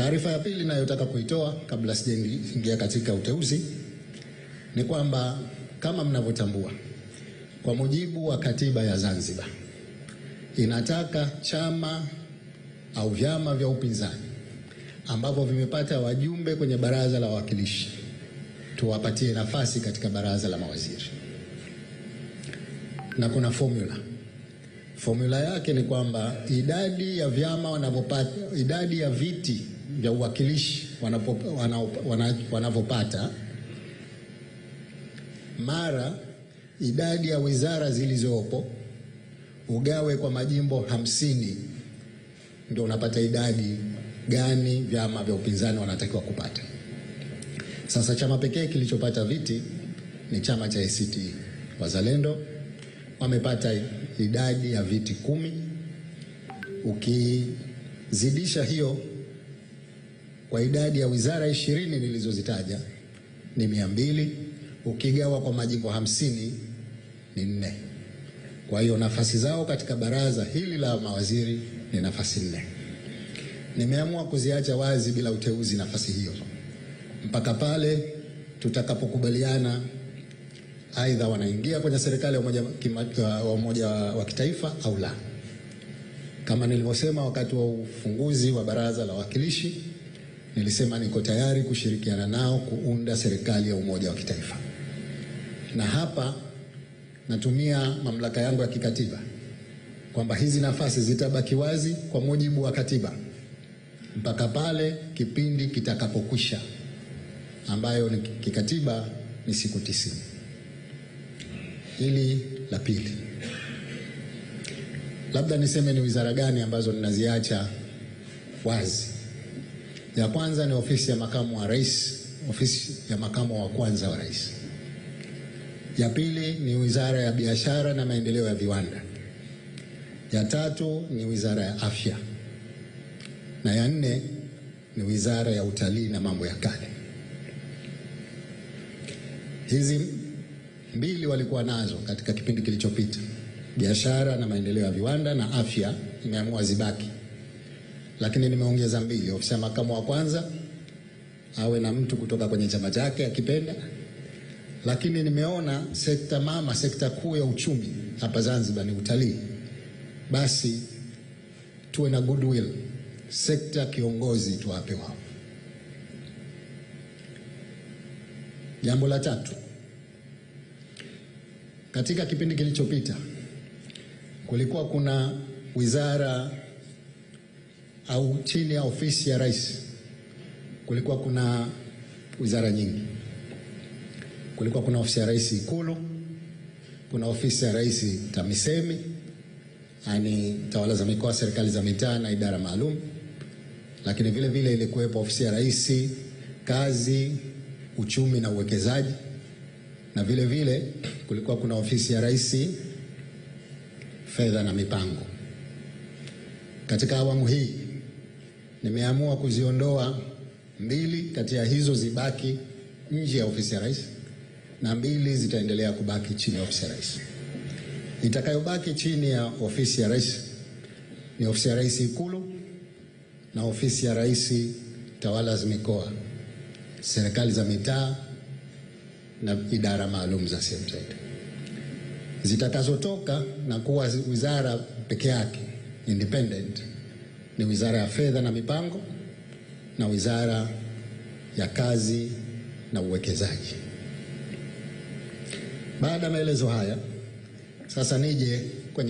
Taarifa ya pili ninayotaka kuitoa kabla sijaingia katika uteuzi ni kwamba kama mnavyotambua, kwa mujibu wa katiba ya Zanzibar inataka chama au vyama vya upinzani ambavyo vimepata wajumbe kwenye baraza la wawakilishi tuwapatie nafasi katika baraza la mawaziri, na kuna formula. Formula yake ni kwamba idadi ya vyama wanavyopata, idadi ya viti vya uwakilishi wanavyopata, mara idadi ya wizara zilizopo ugawe kwa majimbo hamsini, ndio unapata idadi gani vyama vya upinzani wanatakiwa kupata. Sasa chama pekee kilichopata viti ni chama cha ACT Wazalendo, wamepata idadi ya viti kumi. Ukizidisha hiyo kwa idadi ya wizara ishirini nilizozitaja ni mia mbili ukigawa kwa majimbo hamsini ni nne. Kwa hiyo nafasi zao katika baraza hili la mawaziri ni nafasi nne. Nimeamua kuziacha wazi bila uteuzi nafasi hiyo mpaka pale tutakapokubaliana, aidha wanaingia kwenye serikali ya umoja, wa umoja wa kitaifa au la. Kama nilivyosema wakati wa ufunguzi wa baraza la wawakilishi nilisema niko tayari kushirikiana nao kuunda serikali ya umoja wa kitaifa, na hapa natumia mamlaka yangu ya kikatiba kwamba hizi nafasi zitabaki wazi kwa mujibu wa katiba mpaka pale kipindi kitakapokwisha, ambayo ni kikatiba ni siku tisini. Hili la pili, labda niseme ni wizara gani ambazo ninaziacha wazi ya kwanza ni ofisi ya makamu wa rais, ofisi ya makamu wa kwanza wa rais. Ya pili ni wizara ya biashara na maendeleo ya viwanda. Ya tatu ni wizara ya afya, na ya nne ni wizara ya utalii na mambo ya kale. Hizi mbili walikuwa nazo katika kipindi kilichopita, biashara na maendeleo ya viwanda na afya imeamua zibaki lakini nimeongeza mbili. ofisa makamu wa kwanza awe na mtu kutoka kwenye chama chake akipenda, lakini nimeona sekta mama, sekta kuu ya uchumi hapa Zanzibar ni utalii, basi tuwe na goodwill. Sekta kiongozi tuwape wao. Jambo la tatu, katika kipindi kilichopita kulikuwa kuna wizara au chini ya ofisi ya rais kulikuwa kuna wizara nyingi. Kulikuwa kuna ofisi ya rais Ikulu, kuna ofisi ya rais TAMISEMI, yani tawala za mikoa, serikali za mitaa na idara maalum, lakini vile vile ilikuwepo ofisi ya rais kazi, uchumi na uwekezaji, na vile vile kulikuwa kuna ofisi ya rais fedha na mipango. Katika awamu hii nimeamua kuziondoa mbili kati ya hizo zibaki nje ya ofisi ya rais na mbili zitaendelea kubaki chini ya ofisi ya rais. Itakayobaki chini ya ofisi ya rais ni ofisi ya rais Ikulu na ofisi ya rais tawala za mikoa, serikali za mitaa na idara maalum za SMZ. Zitakazotoka na kuwa wizara peke yake independent ni Wizara ya Fedha na Mipango na Wizara ya Kazi na Uwekezaji. Baada ya maelezo haya, sasa nije